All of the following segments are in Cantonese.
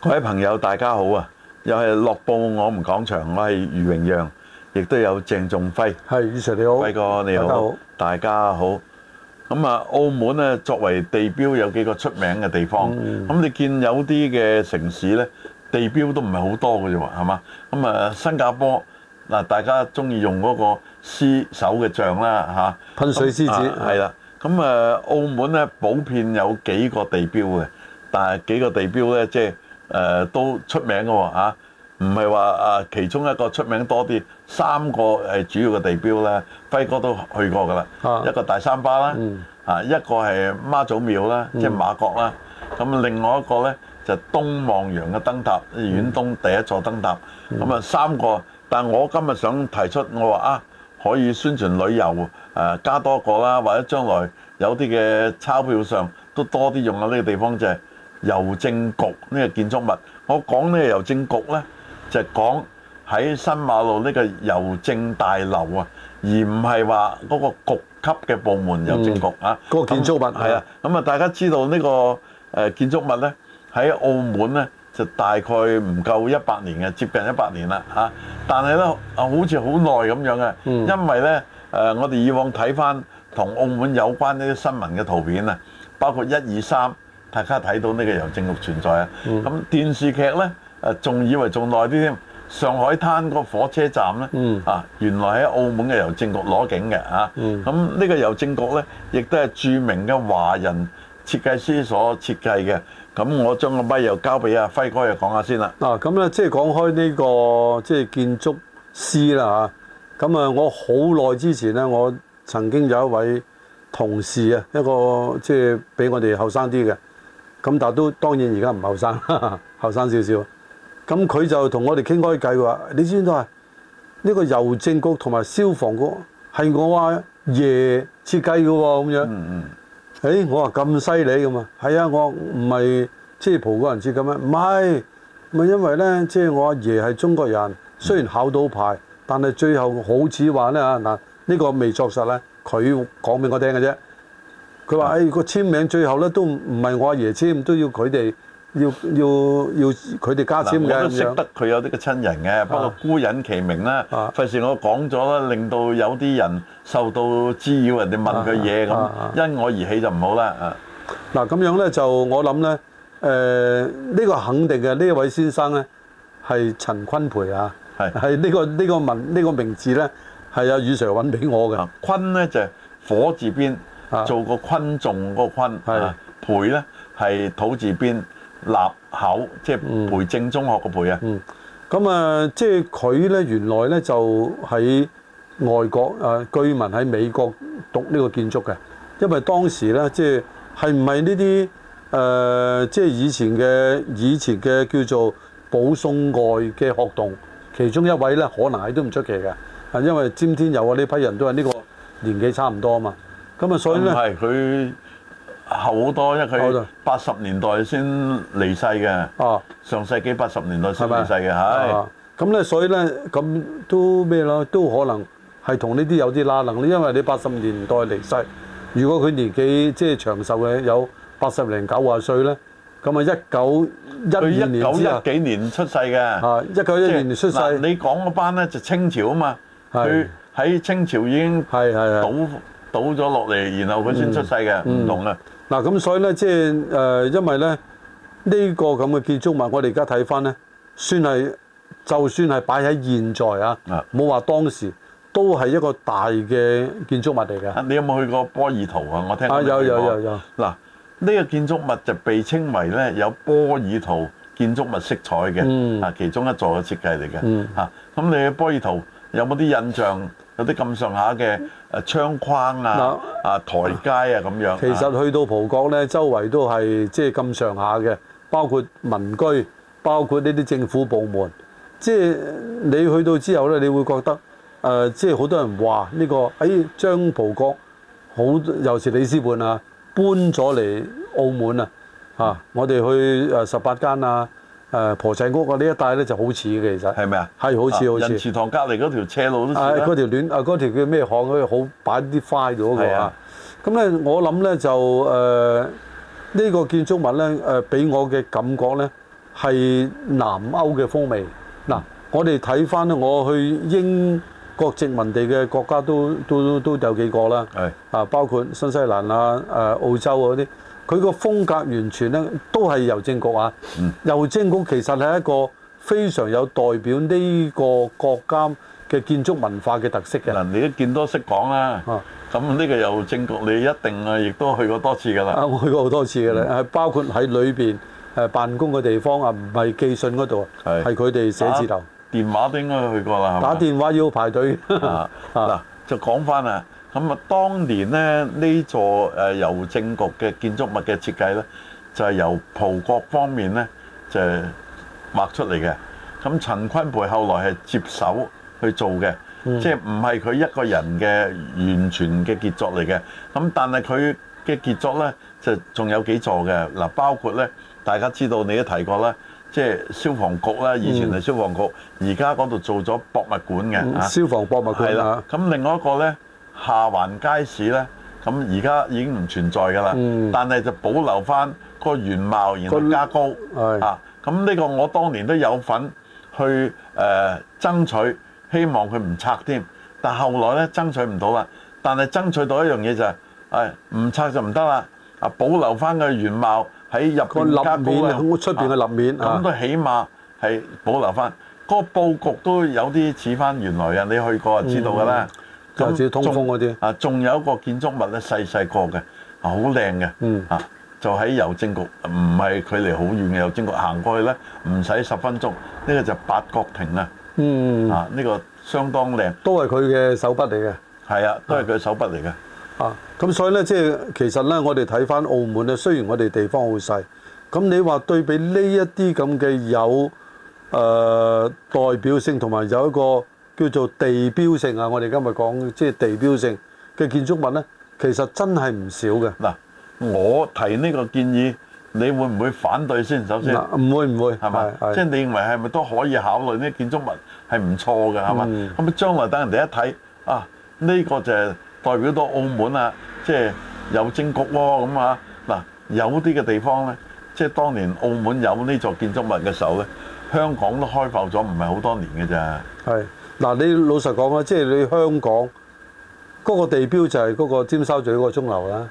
各位朋友，大家好啊！又係《樂報我唔講場，我係余榮讓，亦都有鄭仲輝。係，余成你好，輝哥你好，大家好。咁啊，澳門咧作為地標，有幾個出名嘅地方。咁、嗯、你見有啲嘅城市咧，地標都唔係好多嘅啫，係嘛？咁啊，新加坡嗱，大家中意用嗰個獅首嘅像啦，吓，噴水獅子係啦。咁啊，澳門咧，普遍有幾個地標嘅，但係幾個地標咧，即係。誒、呃、都出名嘅喎，唔係話啊，不是說啊，其中一個出名多啲，三個誒主要嘅地標咧，輝哥都去過嘅啦、啊，一個大三巴啦、嗯，啊一個係媽祖廟啦，即、就、係、是、媽閣啦，咁、嗯、另外一個咧就是、東望洋嘅燈塔、嗯，遠東第一座燈塔，咁、嗯、啊三個，但我今日想提出，我話啊可以宣傳旅遊誒、啊、加多個啦，或者將來有啲嘅鈔票上都多啲用下呢個地方就係。郵政局呢個建築物，我講呢個郵政局呢，就係講喺新馬路呢個郵政大樓啊，而唔係話嗰個局級嘅部門郵政局啊、嗯。嗰、嗯、建築物係啊，咁啊，大家知道呢個誒建築物呢，喺澳門呢，就大概唔夠一百年嘅，接近一百年啦嚇。但係呢，啊，好似好耐咁樣嘅，因為呢，誒我哋以往睇翻同澳門有關呢啲新聞嘅圖片啊，包括一二三。大家睇到呢個郵政局存在啊、嗯！咁電視劇呢，誒仲以為仲耐啲添。上海灘個火車站呢，啊，原來喺澳門嘅郵政局攞景嘅。咁呢個郵政局呢，亦都係著名嘅華人設計師所設計嘅。咁我將個咪又交俾阿輝哥又講下先啦、啊。嗱、嗯，咁、啊、咧、嗯、即係講開呢、呢個即係、就是、建築師啦。咁啊，我好耐之前呢，我曾經有一位同事啊，一個即係比我哋後生啲嘅。咁但都當然而家唔後生，後生少少。咁佢就同我哋傾開計話，你知唔知啊？呢、這個郵政局同埋消防局係我阿爺設計嘅喎，咁樣。嗯嗯。誒、欸，我話咁犀利㗎嘛？係啊，我唔係即係葡國人設計咩？唔係，咪、就是、因為咧，即、就、係、是、我阿爺係中國人，雖然考到牌，但係最後好似話咧嗱，呢、這個未作實咧，佢講俾我聽嘅啫。佢話：誒、哎、個簽名最後咧都唔係我阿爺簽，都要佢哋要要要佢哋加簽嘅。我都識得佢有啲個親人嘅、啊，不過孤隱其名啦。費、啊、事我講咗啦，令到有啲人受到滋擾，人哋問佢嘢咁，因我而起就唔好啦。啊，嗱咁樣咧就我諗咧，呢、呃呢個肯定嘅呢一位先生咧係陳坤培啊，係呢、呢個呢、呢個呢個名字呢名字咧係阿宇 Sir 搵俾我㗎、啊。坤咧就係、火字邊。做一個昆仲嗰個昆，培咧係土字邊立口，即係培正中學個培啊。咁、嗯、啊、嗯，即係佢咧原來咧就喺外國啊，居民喺美國讀呢個建築嘅，因為當時咧即係係唔係呢啲誒即係以前嘅以前嘅叫做保送外嘅學童，其中一位咧可能係都唔出奇嘅，因為詹天佑啊呢批人都係呢個年紀差唔多啊嘛。咁啊，所以咧唔係佢後好多，因為佢八十年代先離世嘅。哦，上世紀八十年代先離世嘅，係。咁咧，所以咧，咁都咩咯？都可能係同呢啲有啲拉能。因為你八十年代離世，如果佢年紀即係長壽嘅，有八十零九啊歲咧，咁啊，一九一二年。佢一九一幾年出世嘅。啊，一九一二年出世。嗱，你講嗰班咧就清朝啊嘛，佢喺清朝已經係係係倒。倒咗落嚟，然後佢先出世嘅、嗯，唔同啦。嗱、嗯，咁所以咧，即、就、係、係呃、因為咧呢、呢個咁嘅建築物我，我哋而家睇翻咧，算係就算係擺喺現在啊，冇、嗯、話當時都係一個大嘅建築物嚟嘅、啊。你有冇去過波爾圖啊？我聽，過聽啊，有有有有。嗱，呢、啊呢個建築物就被稱為咧有波爾圖建築物色彩嘅、嗯、啊，其中一座嘅設計嚟嘅。咁、嗯啊、你去波爾圖有冇啲印象？有啲咁上下嘅。誒窗框啊，啊，啊台階啊咁樣啊。其實去到葡國呢，周圍都係即係咁上下嘅，包括民居，包括呢啲政府部門。即係你去到之後呢，你會覺得、呃、即係好多人話呢、這個將、哎、葡國好尤其里斯本啊，搬咗嚟澳門啊，吓，我哋去誒十八間啊。誒、呃、婆仔屋這啊，呢一帶咧就好似其實係咪啊？係好似好似仁慈堂隔離嗰條斜路都似啊！嗰條暖啊，嗰條叫咩巷嗰啲好擺啲花咗嗰、那個啊！咁、啊、咧我諗咧就誒呢、呃這個建築物咧誒俾我嘅感覺咧係南歐嘅風味。嗱、啊，我哋睇翻咧我去英國殖民地嘅國家都都都，都有幾個啦。係啊，包括新西蘭啊、誒、呃、澳洲嗰啲。佢個風格完全咧，都係郵政局啊！郵政局其實係一個非常有代表呢個國家嘅建築文化嘅特色嘅。嗱，你一見多識講啦。咁呢個郵政局你一定啊，亦都去過多次㗎啦。啊，我去過好多次㗎啦。係包括喺裏邊誒辦公嘅地方啊，唔係寄信嗰度啊，係佢哋寫字樓、電話都應該去過啦。打電話要排隊啊！嗱，就講翻啊！咁啊！當年咧，呢座誒郵政局嘅建築物嘅設計咧，就係由葡國方面咧就畫出嚟嘅。咁陳坤培後來係接手去做嘅，即係唔係佢一個人嘅完全嘅傑作嚟嘅。咁但係佢嘅傑作咧，就仲有幾座嘅嗱，包括咧，大家知道你都提過啦，即係消防局啦，以前係消防局，而家嗰度做咗博物館嘅消防博物館係啦。咁另外一個咧。下環街市呢，咁而家已經唔存在㗎啦、嗯。但係就保留翻個原貌，然後加高嚇。咁、嗯、呢、啊、個我當年都有份去誒、呃、爭取，希望佢唔拆添。但後來呢，爭取唔到啦。但係爭取到一樣嘢就係、是、唔、哎、拆就唔得啦。啊，保留翻個原貌，喺入面加高出邊嘅立面咁、啊、都起碼係保留翻。嗰個佈局都有啲似翻原來啊，你去過就知道㗎啦。嗯通風啲啊，仲有一個建築物咧，細細個嘅，嗯，啊，啊，好靚嘅，嗯，啊，就喺郵政局，唔係距離好遠嘅郵政局，行過去咧，唔使十分鐘，呢個就八角亭啊，嗯，啊，呢個相當靚，都係佢嘅手筆嚟嘅，係啊，都係佢嘅手筆嚟嘅，啊，咁所以咧，即係其實咧，我哋睇返澳門咧，雖然我哋地方好細，咁你話對比呢一啲咁嘅有誒、呃、代表性同埋有，有一個。叫做地標性啊！我哋今日講即係地標性嘅建築物咧，其實真係唔少嘅。嗱，我提呢個建議，你會唔會反對先？首先唔會唔會，係嘛？即係你認為係咪都可以考慮呢？建築物係唔錯嘅，係嘛？咁將來等人哋一睇啊，呢個就係代表到澳門啊，即係郵政局喎咁啊！嗱，有啲嘅地方咧，即係當年澳門有呢座建築物嘅時候咧，香港都開埠咗唔係好多年嘅咋。係。嗱，你老實講啊，即係你香港嗰、那個地標就係嗰個尖沙咀嗰個鐘樓啦。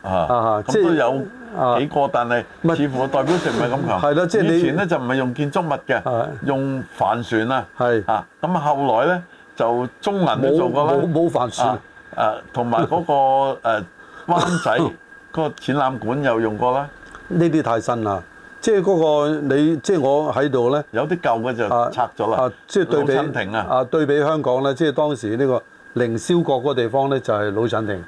啊啊，即係都有幾個，啊、但係似乎代表性唔係咁強。係咯，即、就、係、是、以前咧就唔係用建築物嘅，用帆船啊。係啊，咁啊，後來咧就中文你做過啦。冇冇帆船啊，同埋嗰個誒灣仔嗰 個展覽館有用過啦。呢啲太新啦。即係嗰、那個你，即係我喺度呢，有啲舊嘅就拆咗啦、啊啊。即係對比，啊啊、對比香港呢，即係當時呢個凌霄閣嗰個地方呢，就係、是、老襯亭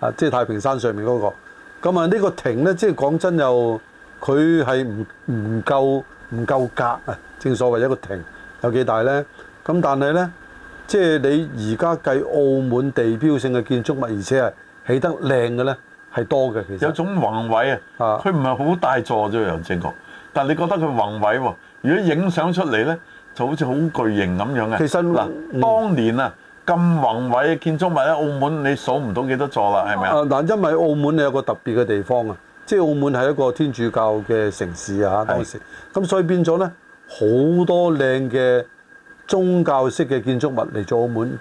啊，即係太平山上面嗰、那個。咁啊，呢個亭呢，即係講真又佢係唔唔夠唔夠格啊！正所謂的一個亭有幾大呢？咁但係呢，即係你而家計澳門地標性嘅建築物，而且係起得靚嘅呢。係多嘅，其實有種宏偉啊，佢唔係好大座啫，楊正國。但係你覺得佢宏偉喎，如果影相出嚟呢，就好似好巨型咁樣嘅。其實嗱，當年啊咁宏偉嘅建築物喺澳門，你數唔到幾多座啦，係咪啊？嗱，因為澳門有個特別嘅地方啊，即係澳門係一個天主教嘅城市啊，當時咁所以變咗呢，好多靚嘅宗教式嘅建築物嚟做澳門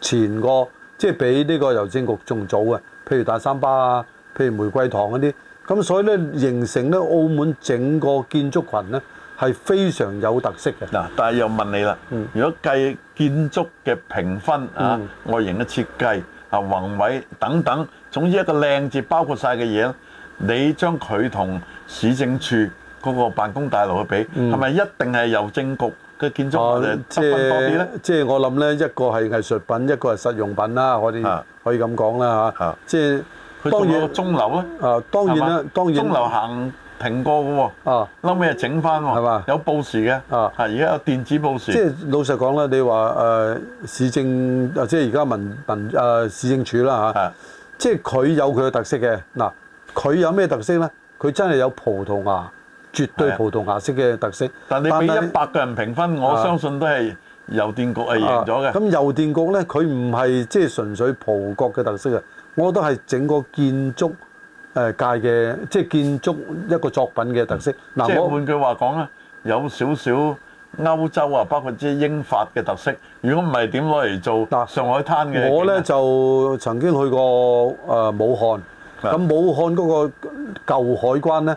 前個。即係比呢個郵政局仲早啊！譬如大三巴啊，譬如玫瑰堂嗰啲，咁所以咧形成咧澳門整個建築群咧係非常有特色嘅。嗱，但係又問你啦，如果計建築嘅評分啊，外形嘅設計啊、宏偉等等，總之一個靚字包括曬嘅嘢咧，你將佢同市政署嗰個辦公大樓去比，係咪一定係郵政局？嘅建築或者物品多啲咧，即係我諗咧，一個係藝術品，一個係實用品啦，可以、啊、可以咁講啦吓，即係當然鐘樓咧、啊，當然啦，鐘樓行停過喎，撈尾又整翻喎，有報時嘅，係而家有電子報時。啊、即係老實講啦，你話、呃、市政，即係而家民民、呃、市政署啦、啊、即係佢有佢嘅特色嘅。嗱，佢有咩特色咧？佢真係有葡萄牙。絕對葡萄牙式嘅特色，但你俾一百個人評分，我相信都係郵電局係贏咗嘅。咁郵電局咧，佢唔係即係純粹葡國嘅特色啊，我覺得係整個建築誒界嘅，即係建築一個作品嘅特色。嗱，我換句話講咧，有少少歐洲啊，包括即係英法嘅特色。如果唔係，點攞嚟做上海灘嘅？我咧就曾經去過誒武漢，咁武漢嗰個舊海關咧。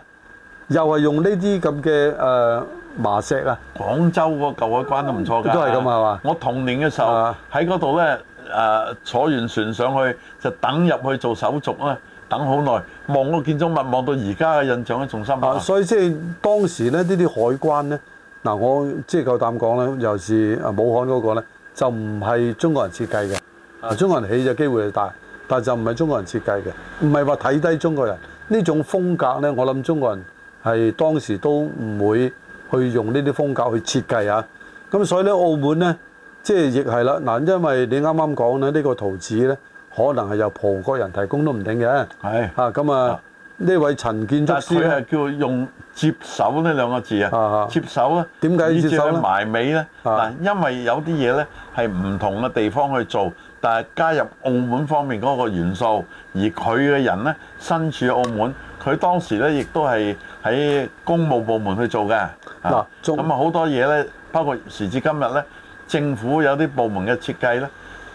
又係用呢啲咁嘅誒麻石啊！廣州嗰舊海關都唔錯㗎，啊，都係咁係嘛？我童年嘅時候喺嗰度咧，誒、呃、坐完船上去就等入去做手續啊，等好耐，望個建築物望到而家嘅印象都仲深刻。所以即係當時咧呢啲海關咧，嗱、啊、我即係夠膽講咧，又是啊武漢嗰個咧就唔係中國人設計嘅啊，中國人起嘅機會係大，但係就唔係中國人設計嘅，唔係話睇低中國人呢種風格咧，我諗中國人，係當時都唔會去用呢啲風格去設計啊，咁所以呢，澳門呢，即係亦係啦嗱，因為你啱啱講咧呢個圖紙呢，可能係由葡國人提供都唔定嘅，係啊咁啊呢位陳建築師係叫用接手呢兩個字啊，對對對，接手咧點解要接手埋尾呢？嗱，因為有啲嘢呢係唔同嘅地方去做，但係加入澳門方面嗰個元素，而佢嘅人呢，身處澳門，佢當時呢亦都係。喺公務部門去做嘅，咁啊好多嘢呢，包括時至今日呢，政府有啲部門嘅設計呢，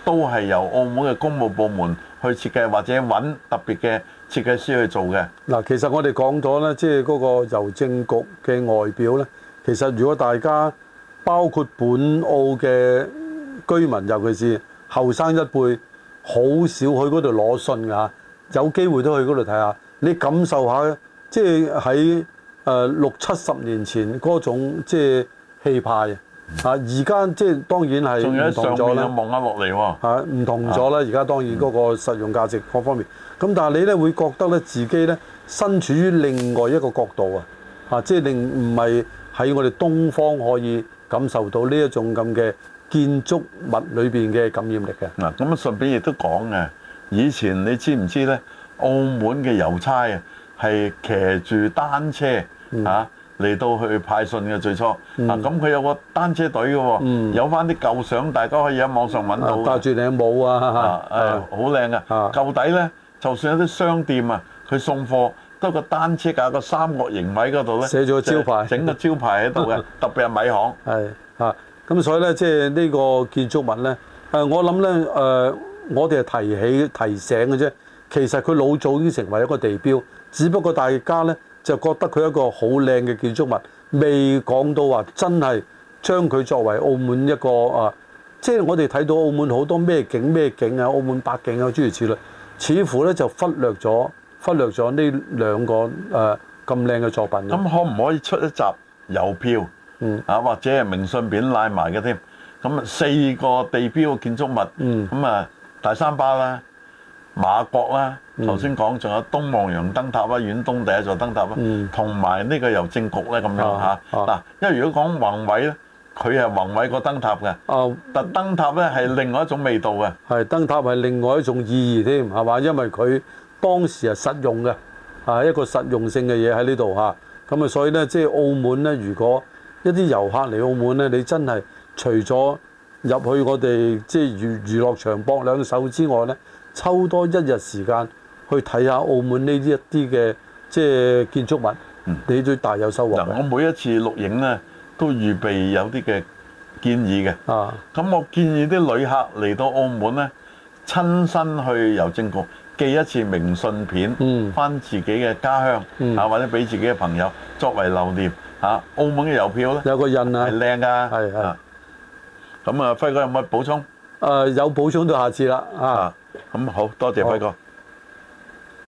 都係由澳門嘅公務部門去設計，或者揾特別嘅設計師去做嘅。嗱，其實我哋講咗呢，即係嗰個郵政局嘅外表呢，其實如果大家包括本澳嘅居民，尤其是後生一輩，好少去嗰度攞信嘅。有機會都去嗰度睇下，你感受一下即喺誒六七十年前嗰種即氣派啊，而家即當然係仲有上面又望下落嚟喎，唔同咗啦！而家當然嗰個實用價值各方面咁，但係你咧會覺得咧自己咧身處於另外一個角度啊，嚇即你唔係喺我哋東方可以感受到呢一種咁嘅建築物裏邊嘅感染力嘅。嗱，咁啊順便亦都講嘅，以前你知唔知咧澳門嘅郵差啊？係騎住單車嚇嚟、嗯啊、到去派信嘅最初嗱，咁、嗯、佢、啊、有個單車隊嘅喎、哦嗯，有翻啲舊相，大家可以喺網上揾到的。戴住頂帽啊，係好靚啊。舊、啊啊啊啊、底咧，就算有啲商店啊，佢送貨都係個單車架個三角形位嗰度咧，寫咗個招牌，整、就是、個招牌喺度嘅。 特別係米行，係啊，咁所以咧，即係呢個建築物咧，誒，我諗咧，誒、呃，我哋係提起提醒嘅啫。其實佢老早已經成為一個地標。只不過大家呢，就覺得佢一個好靚嘅建築物，未講到話真係將佢作為澳門一個啊，即係我哋睇到澳門好多咩景咩景啊，澳門百景啊諸如此類，似乎呢就忽略咗忽略咗呢兩個誒咁靚嘅作品。咁可唔可以出一集郵票？嗯，啊或者係明信片拉埋嘅添，咁啊四個地標建築物，嗯，咁啊大三巴啦。馬國啦，頭先講仲有東望洋燈塔啦、嗯，遠東第一座燈塔啦，同埋呢個郵政局咧咁樣嚇嗱、啊啊。因為如果講宏偉咧，佢係宏偉個燈塔嘅、啊，但燈塔咧係另外一種味道嘅，係燈塔係另外一種意義添，係嘛？因為佢當時係實用嘅，係一個實用性嘅嘢喺呢度嚇。咁啊，所以咧即係澳門咧，如果一啲遊客嚟澳門咧，你真係除咗入去我哋即係娛娛樂場搏兩手之外咧。抽多一日時間去睇下澳門呢啲一啲嘅即建築物，你最大有收穫。我每一次錄影咧都預備有啲嘅建議嘅。啊，咁我建議啲旅客嚟到澳門呢，親身去郵政局寄一次明信片，翻自己嘅家鄉啊，或者俾自己嘅朋友作為留念。嚇，澳門嘅郵票咧有個印啊，係靚㗎，係啊。咁啊，輝哥有冇補充？誒，有補充到下次啦。啊。咁好多謝輝哥。